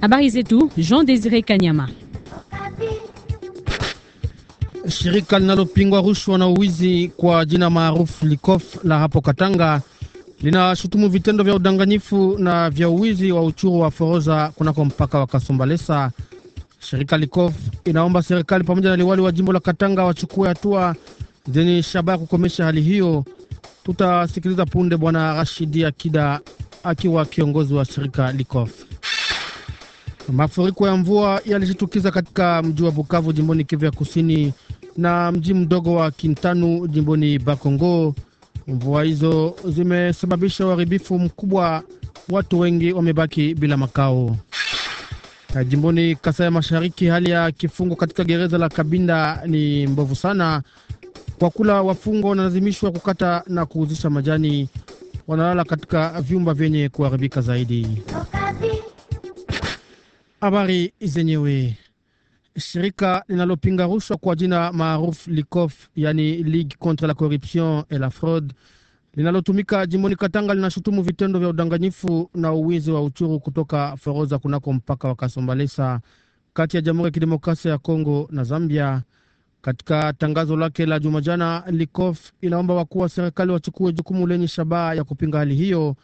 Habari zetu Jean Desire Kanyama. Shirika linalopingwa rushwa na uwizi kwa jina maarufu Likof la hapo Katanga linashutumu vitendo vya udanganyifu na vya uwizi wa uchuru wa foroza kunako mpaka wa Kasumbalesa. Shirika Likof inaomba serikali pamoja na liwali wa jimbo la Katanga wachukue hatua zenye shabaha kukomesha hali hiyo. Tutasikiliza punde Bwana Rashidi Akida akiwa kiongozi wa shirika Likof. Mafuriko ya mvua yalishitukiza katika mji wa Bukavu jimboni Kivu ya Kusini na mji mdogo wa Kintanu jimboni Bakongo. Mvua hizo zimesababisha uharibifu mkubwa, watu wengi wamebaki bila makao. Jimboni Kasai ya Mashariki, hali ya kifungo katika gereza la Kabinda ni mbovu sana. Kwa kula wafungwa wanalazimishwa kukata na kuuzisha majani, wanalala katika vyumba vyenye kuharibika zaidi. Habari zenyewe. Shirika linalopinga rushwa kwa jina maarufu Likof, yani Ligue contre la corruption et la fraude, linalotumika jimboni Katanga linashutumu vitendo vya udanganyifu na uwizi wa uchuru kutoka Foroza kunako mpaka wa Kasombalesa kati ya Jamhuri ya Kidemokrasia ya Kongo na Zambia. Katika tangazo lake la Jumajana, Likof inaomba wakuu wa serikali wachukue jukumu lenye shabaha ya kupinga hali hiyo,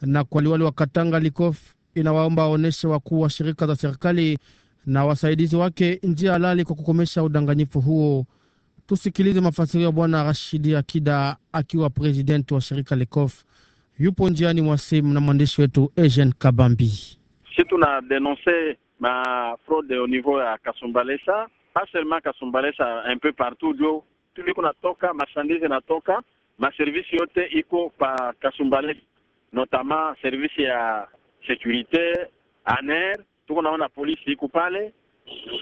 na kwa liwali wa Katanga Likof inawaomba waonyeshe wakuu wa shirika za serikali na wasaidizi wake njia halali kwa kukomesha udanganyifu huo. Tusikilize mafasiri ya Bwana Rashidi Akida akiwa presidenti wa shirika Lekof. Yupo njiani mwa simu na mwandishi wetu Eugene Kabambi. Si tuna denonse ma fraude au niveau ya Kasumbalesa, pas seulement Kasumbalesa, un peu partout jo tuliko natoka mashandizi natoka maservisi yote iko pa Kasumbalesa, notamment servisi ya securitaire, ANER, tuko naona polisi iko pale,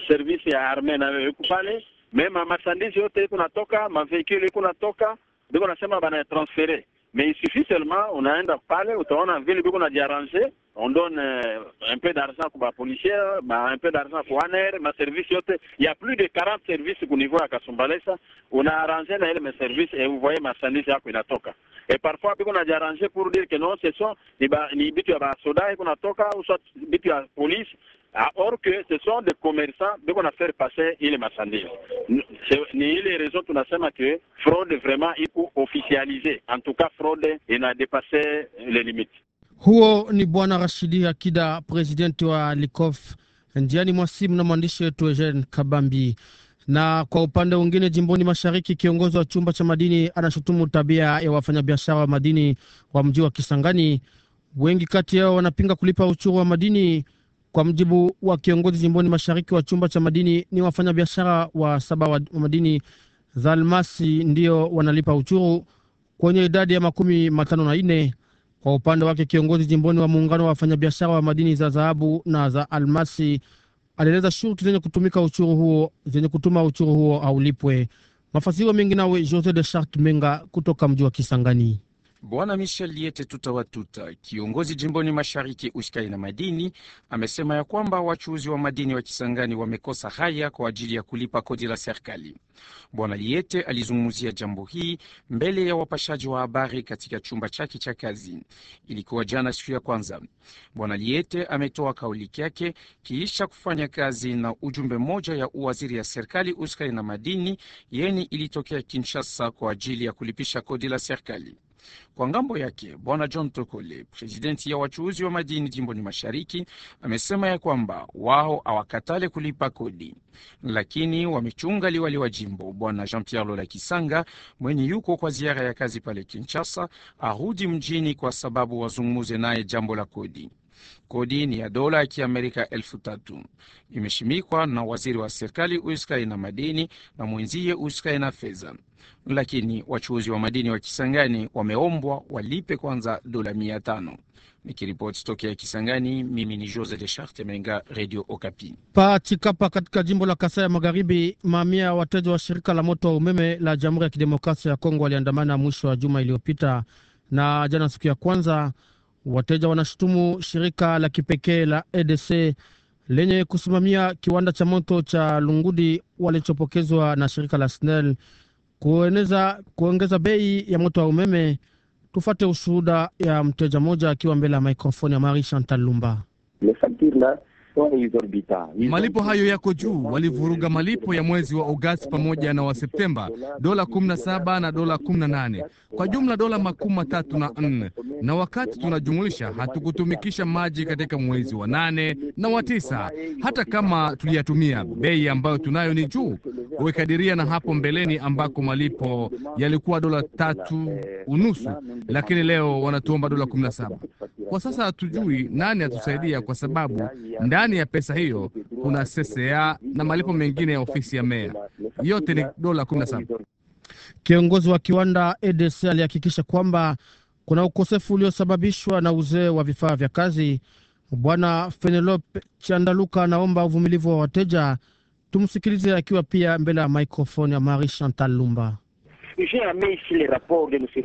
service ya arme nayo iko pale, me mamasandisi yote iko natoka, mavehicule iko natoka, biko nasema banatransfere Mais il suffit seulement, on a un ville qu'on a na arrangé, on donne euh, un peu d'argent pour policière, un peu d'argent pour ANR, ma service Il y a plus de 40 services au niveau à Kasumbalesa. On arrangé arrangé mes services et vous voyez ma a touché Et parfois a na arrangé pour dire que non, ce sont les soldats à a ya Toka ou soit bitu à police, Ah, or que ce sont des commerçants biko a faire passer ile masandili. Ni ile raison tunasema que fraude vraiment officialisée. En tout cas fraude a dépassé les limites. Huo ni Bwana Rashidi Akida, presidenti wa Likof. Ndiani mwa na mwandishi wetu Eugene Kabambi. Na kwa upande mwingine, jimboni mashariki, kiongozi wa chumba cha madini anashutumu tabia ya wafanyabiashara wa madini wa mji wa Kisangani. Wengi kati yao wanapinga kulipa ushuru wa madini. Kwa mjibu wa kiongozi jimboni mashariki wa chumba cha madini, ni wafanyabiashara wa saba wa madini za almasi ndio wanalipa uchuru kwenye idadi ya makumi matano na nne. Kwa upande wake kiongozi jimboni wa muungano wa wafanyabiashara wa madini za dhahabu na za almasi alieleza shurti zenye kutumika uchuru huo zenye kutuma uchuru huo aulipwe. Mafasiro mengi nawe Jose de Charte Menga kutoka mji wa Kisangani. Bwana Michel liete Tutawatuta, kiongozi jimboni mashariki uskai na madini, amesema ya kwamba wachuuzi wa madini wa Kisangani wamekosa haya kwa ajili ya kulipa kodi la serikali. Bwana Liete alizungumzia jambo hii mbele ya wapashaji wa habari katika chumba chake cha kazi, ilikuwa jana siku ya kwanza. Bwana Liete ametoa kauli yake kiisha kufanya kazi na ujumbe mmoja ya uwaziri ya serikali usikali na madini yeni ilitokea Kinshasa kwa ajili ya kulipisha kodi la serikali. Kwa ngambo yake, Bwana John Tokole, presidenti ya wachuuzi wa madini jimboni Mashariki, amesema ya kwamba wao hawakatale kulipa kodi, lakini wamechunga liwali wa jimbo Bwana Jean Pierre Lola Kisanga mwenye yuko kwa ziara ya kazi pale Kinshasa arudi mjini kwa sababu wazungumuze naye jambo la kodi. Kodi ni ya dola ya Kiamerika elfu tatu imeshimikwa na waziri wa serikali uskai na madini na mwenzie uskai na fedha, lakini wachuuzi wa madini wa Kisangani wameombwa walipe kwanza dola mia tano. Nikiripoti tokea Kisangani, mimi ni Jose de Charte Menga, Radio Okapi. Pa Chikapa katika jimbo la Kasai ya Magharibi, maamia ya wateja wa shirika la moto wa umeme la Jamhuri ya Kidemokrasia ya Kongo waliandamana mwisho wa juma iliyopita na jana siku ya kwanza Wateja wanashutumu shirika la kipekee la EDC lenye kusimamia kiwanda cha moto cha Lungudi walichopokezwa na shirika la SNEL kueneza, kuongeza bei ya moto wa umeme. Tufate ushuhuda ya mteja mmoja akiwa mbele ya mikrofoni ya Mari Chantal Lumba. Malipo hayo yako juu. Walivuruga malipo ya mwezi wa Agosti pamoja na wa Septemba, dola 17 na dola 18, kwa jumla dola makumi matatu na nne, na wakati tunajumulisha hatukutumikisha maji katika mwezi wa nane na wa tisa, hata kama tuliyatumia. Bei ambayo tunayo ni juu wekadiria na hapo mbeleni ambako malipo yalikuwa dola tatu unusu, lakini leo wanatuomba dola 17. Kwa sasa hatujui nani atusaidia, kwa sababu ndani ndani ya pesa hiyo kuna CCA na malipo mengine ya ofisi ya meya, yote ni dola 17. Kiongozi wa kiwanda EDC alihakikisha kwamba kuna ukosefu uliosababishwa na uzee wa vifaa vya kazi. Bwana Fenelope Chandaluka anaomba uvumilivu wa wateja. Tumsikilize akiwa pia mbele ya maikrofoni ya Marie Chantal Lumba.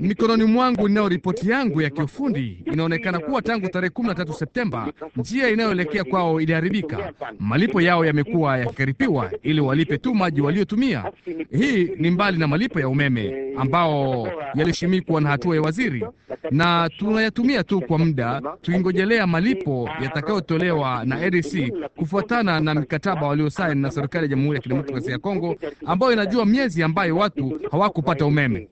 Mikononi mwangu ninayo ripoti yangu ya kiufundi. Inaonekana kuwa tangu tarehe kumi na tatu Septemba njia inayoelekea kwao iliharibika. Malipo yao yamekuwa yakikaripiwa ili walipe tu maji waliotumia. Hii ni mbali na malipo ya umeme ambao yalishimikwa na hatua ya waziri, na tunayatumia tu kwa muda tukingojelea malipo yatakayotolewa na ADC kufuatana na mkataba waliosaini na serikali ya Jamhuri ya Kidemokrasia ya Kongo ambayo inajua miezi ambayo watu hawakupata kupata umeme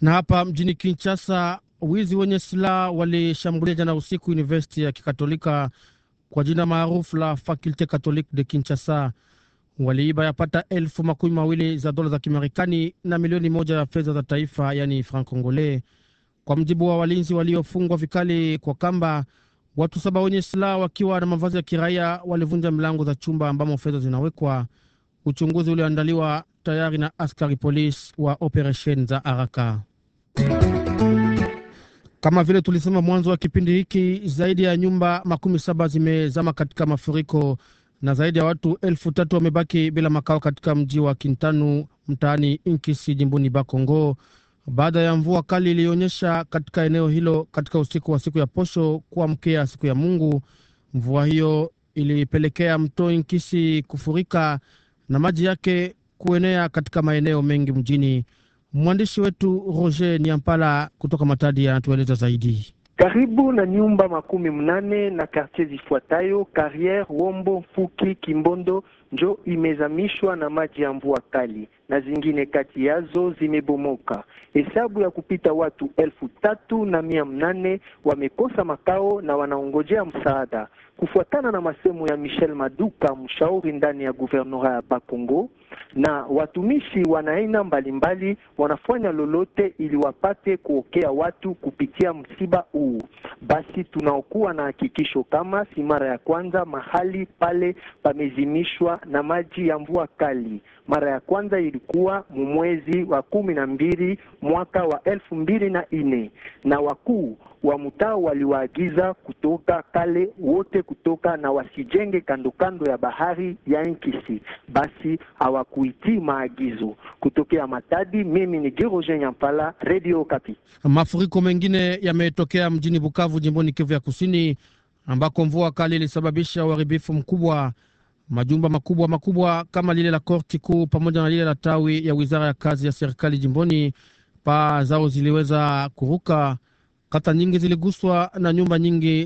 na hapa mjini Kinshasa, wizi wenye silaha walishambulia jana usiku university ya kikatolika kwa jina maarufu la Faculte Catholique de Kinshasa. Waliiba yapata elfu makumi mawili za dola za Kimarekani na milioni moja ya fedha za taifa, yani franc congolais, kwa mjibu wa walinzi waliofungwa vikali kwa kamba Watu saba wenye silaha wakiwa na mavazi ya kiraia walivunja mlango za chumba ambamo fedha zinawekwa. Uchunguzi ulioandaliwa tayari na askari polisi wa operesheni za haraka. Kama vile tulisema mwanzo wa kipindi hiki, zaidi ya nyumba makumi saba zimezama katika mafuriko na zaidi ya watu elfu tatu wamebaki bila makao katika mji wa Kintanu mtaani Inkisi jimboni Bakongo baada ya mvua kali iliyoonyesha katika eneo hilo katika usiku wa siku ya posho kuamkia siku ya Mungu. Mvua hiyo ilipelekea mto Inkisi kufurika na maji yake kuenea katika maeneo mengi mjini. Mwandishi wetu Roger Niampala kutoka Matadi anatueleza zaidi. Karibu na nyumba makumi mnane na kartier zifuatayo Carriere, Wombo, Fuki, Kimbondo njo imezamishwa na maji ya mvua kali na zingine kati yazo zimebomoka. Hesabu ya kupita watu elfu tatu na mia mnane wamekosa makao na wanaongojea msaada, kufuatana na masemo ya Michel Maduka, mshauri ndani ya guvernora ya Bakongo na watumishi wa aina mbalimbali wanafanya lolote ili wapate kuokea watu kupitia msiba huu. Basi tunaokuwa na hakikisho kama si mara ya kwanza mahali pale pamezimishwa na maji ya mvua kali. Mara ya kwanza ilikuwa mwezi wa kumi na mbili mwaka wa elfu mbili na nne na wakuu wa mtaa waliwaagiza kutoka kale wote kutoka na wasijenge kando kando ya bahari ya Nkisi, basi hawakuitii maagizo. Kutokea Matadi, mimi ni Giroje Nyampala, Radio Kapi. Mafuriko mengine yametokea mjini Bukavu, jimboni Kivu ya Kusini, ambako mvua kali ilisababisha uharibifu mkubwa. Majumba makubwa makubwa kama lile la korti kuu pamoja na lile la tawi ya wizara ya kazi ya serikali jimboni, paa zao ziliweza kuruka. Kata nyingi ziliguswa na nyumba nyingi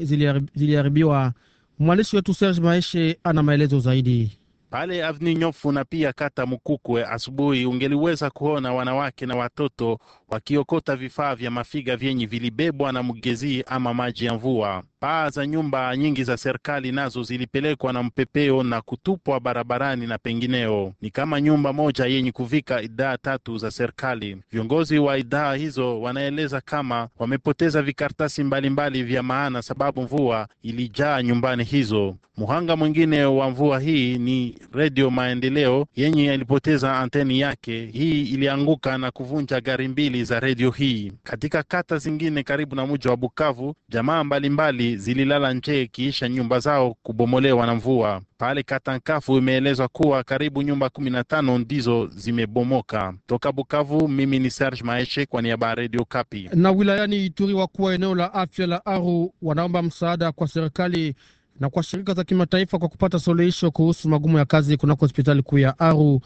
ziliharibiwa. Mwandishi wetu Serge Maeshe ana maelezo zaidi. Pale Avni Nyofu na pia kata Mukukwe, asubuhi ungeliweza kuona wanawake na watoto wakiokota vifaa vya mafiga vyenye vilibebwa na mgezii ama maji ya mvua. Paa za nyumba nyingi za serikali nazo zilipelekwa na mpepeo na kutupwa barabarani na pengineo. Ni kama nyumba moja yenye kuvika idhaa tatu za serikali. Viongozi wa idhaa hizo wanaeleza kama wamepoteza vikaratasi mbalimbali vya maana, sababu mvua ilijaa nyumbani hizo. Mhanga mwingine wa mvua hii ni Redio Maendeleo yenye ilipoteza anteni yake. Hii ilianguka na kuvunja gari mbili za redio hii. Katika kata zingine karibu na mji wa Bukavu, jamaa mbalimbali mbali zililala nje ikiisha nyumba zao kubomolewa na mvua. Pale kata Nkafu imeelezwa kuwa karibu nyumba 15 ndizo zimebomoka. Toka Bukavu, mimi ni Serge Maeshe kwa niaba ya Radio Kapi. Na wilayani Ituri, wakuu wa eneo la afya la Aru wanaomba msaada kwa serikali na kwa shirika za kimataifa kwa kupata suluhisho kuhusu magumu ya kazi kunako hospitali kuu ya Aru.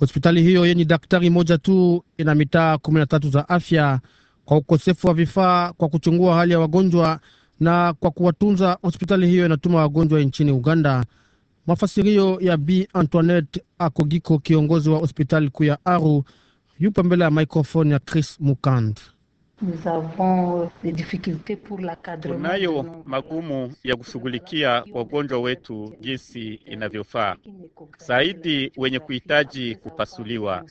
Hospitali hiyo yenye daktari moja tu ina mitaa kumi na tatu za afya. Kwa ukosefu wa vifaa kwa kuchungua hali ya wagonjwa na kwa kuwatunza, hospitali hiyo inatuma wagonjwa nchini Uganda. Mafasirio ya B Antoinette Akogiko, kiongozi wa hospitali kuu ya Aru, yupo mbele ya maikrofoni ya Chris Mukand. Euh, Tunayo magumu ya kushughulikia wagonjwa wetu jinsi inavyofaa, zaidi wenye kuhitaji kupasuliwa.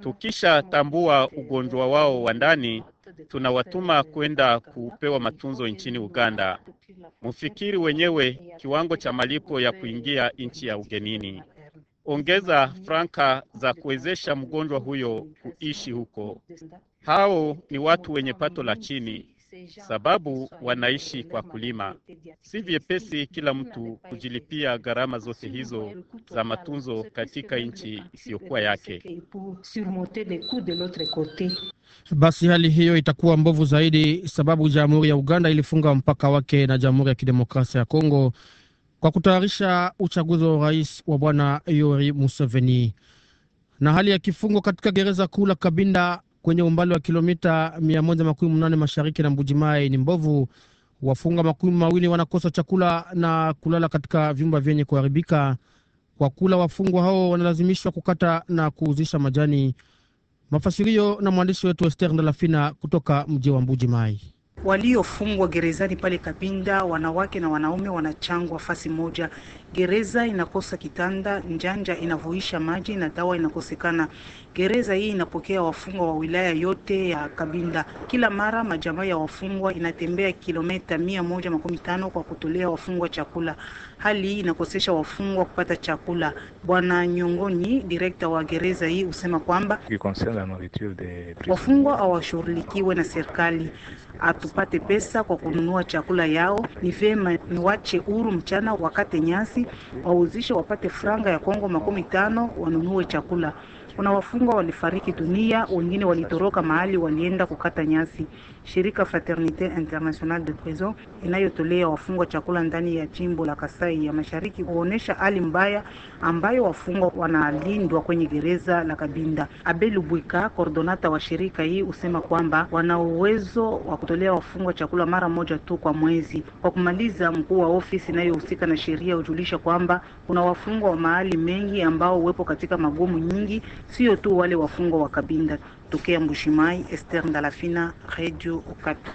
Tukishatambua ugonjwa wao wa ndani, tunawatuma kwenda kupewa matunzo nchini Uganda. Mfikiri wenyewe kiwango cha malipo ya kuingia nchi ya ugenini ongeza franka za kuwezesha mgonjwa huyo kuishi huko. Hao ni watu wenye pato la chini, sababu wanaishi kwa kulima. Si vyepesi kila mtu kujilipia gharama zote hizo za matunzo katika nchi isiyokuwa yake. Basi hali hiyo itakuwa mbovu zaidi, sababu Jamhuri ya Uganda ilifunga mpaka wake na Jamhuri ya Kidemokrasia ya Kongo kwa kutayarisha uchaguzi wa urais wa bwana Yoweri Museveni. Na hali ya kifungo katika gereza kuu la Kabinda kwenye umbali wa kilomita 118 mashariki na Mbujimai ni mbovu. Wafunga makumi mawili wanakosa chakula na kulala katika vyumba vyenye kuharibika. Kwa kula, wafungwa hao wanalazimishwa kukata na kuuzisha majani. Mafasirio na mwandishi wetu Ester Ndalafina kutoka mji wa Mbuji Mai waliofungwa gerezani pale Kabinda, wanawake na wanaume wanachangwa fasi moja. Gereza inakosa kitanda, njanja inavuisha maji na dawa inakosekana. Gereza hii inapokea wafungwa wa wilaya yote ya Kabinda. Kila mara majamaa ya wafungwa inatembea kilomita mia moja makumi tano kwa kutolea wafungwa chakula. Hali hii inakosesha wafungwa kupata chakula. Bwana Nyongoni, direkta wa gereza hii, husema kwamba wafungwa hawashughulikiwe na serikali tupate pesa kwa kununua chakula yao. Ni ni niwache huru mchana, wakate nyasi, wauzishe, wapate franga ya Kongo makumi tano, wanunue chakula. Kuna wafungwa walifariki dunia, wengine walitoroka mahali walienda kukata nyasi. Shirika Fraternite International de Prison inayotolea wafungwa chakula ndani ya jimbo la Kasai ya Mashariki huonesha hali mbaya ambayo wafungwa wanalindwa kwenye gereza la Kabinda. Abel Bwika, kordonata wa shirika hii, husema kwamba wana uwezo wa kutolea wafungwa chakula mara moja tu kwa mwezi. Kwa kumaliza, mkuu wa ofisi inayohusika na sheria hujulisha kwamba kuna wafungwa wa mahali mengi ambao wepo katika magumu nyingi sio tu wale wafungwa wa Kabinda. Tokea Mbushimai, Esther Ndalafina, Radio Okapi.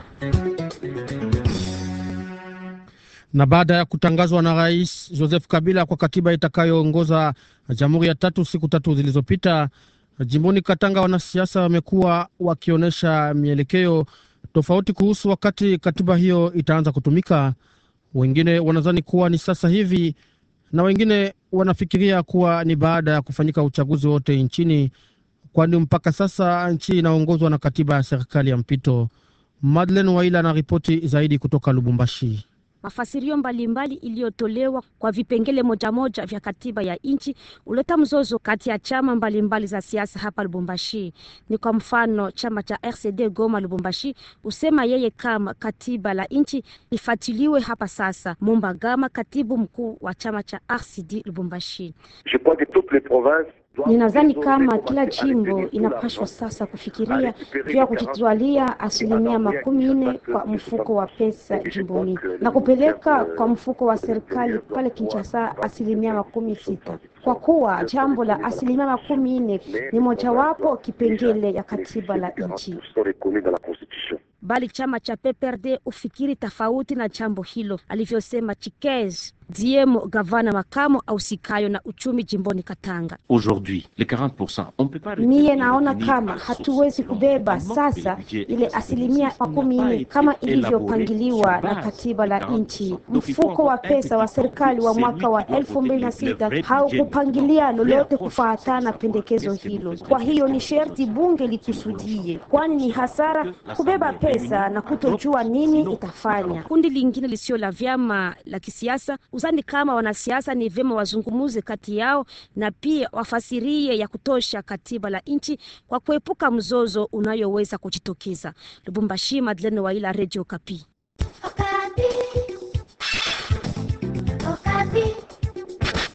Na baada ya kutangazwa na Rais Joseph Kabila kwa katiba itakayoongoza jamhuri ya tatu siku tatu zilizopita, jimboni Katanga wanasiasa wamekuwa wakionyesha mielekeo tofauti kuhusu wakati katiba hiyo itaanza kutumika. Wengine wanadhani kuwa ni sasa hivi na wengine wanafikiria kuwa ni baada ya kufanyika uchaguzi wote nchini, kwani mpaka sasa nchi inaongozwa na katiba ya serikali ya mpito. Madeleine Waila ana ripoti zaidi kutoka Lubumbashi. Mafasirio mbalimbali iliyotolewa kwa vipengele moja moja vya katiba ya nchi uleta mzozo kati ya chama mbalimbali mbali za siasa hapa Lubumbashi. Ni kwa mfano chama cha RCD Goma Lubumbashi usema yeye kama katiba la nchi ifatiliwe hapa sasa. Mumbagama, katibu mkuu wa chama cha RCD Lubumbashi: Je crois que toutes les provinces Ninadhani kama kila jimbo inapashwa sasa kufikiria juu ya kujitwalia asilimia makumi nne kwa mfuko wa pesa jimboni na kupeleka kwa mfuko wa serikali pale Kinshasa asilimia makumi sita kwa kuwa jambo la asilimia makumi nne ni mojawapo kipengele ya katiba la nchi, bali chama cha PPRD ufikiri tofauti na jambo hilo, alivyosema Chikez diemo gavana makamo ausikayo na uchumi jimboni Katanga. Aujourd'hui 40% on peut pas, naona kama hatuwezi kubeba sasa ile asilimia makumi nne kama ilivyopangiliwa na katiba la nchi. Mfuko wa pesa wa serikali wa mwaka wa elfu mbili na sita haukupangilia lolote kufuatana pendekezo hilo. Kwa hiyo ni sherti bunge likusudie, kwani ni hasara kubeba pesa na kutojua nini itafanya. Kundi lingine lisio la vyama la kisiasa Nadhani kama wanasiasa ni vyema wazungumuze kati yao na pia wafasirie ya kutosha katiba la nchi kwa kuepuka mzozo unayoweza kujitokeza. Lubumbashi, wa Waila, Radio Kapi. Okapi. Okapi.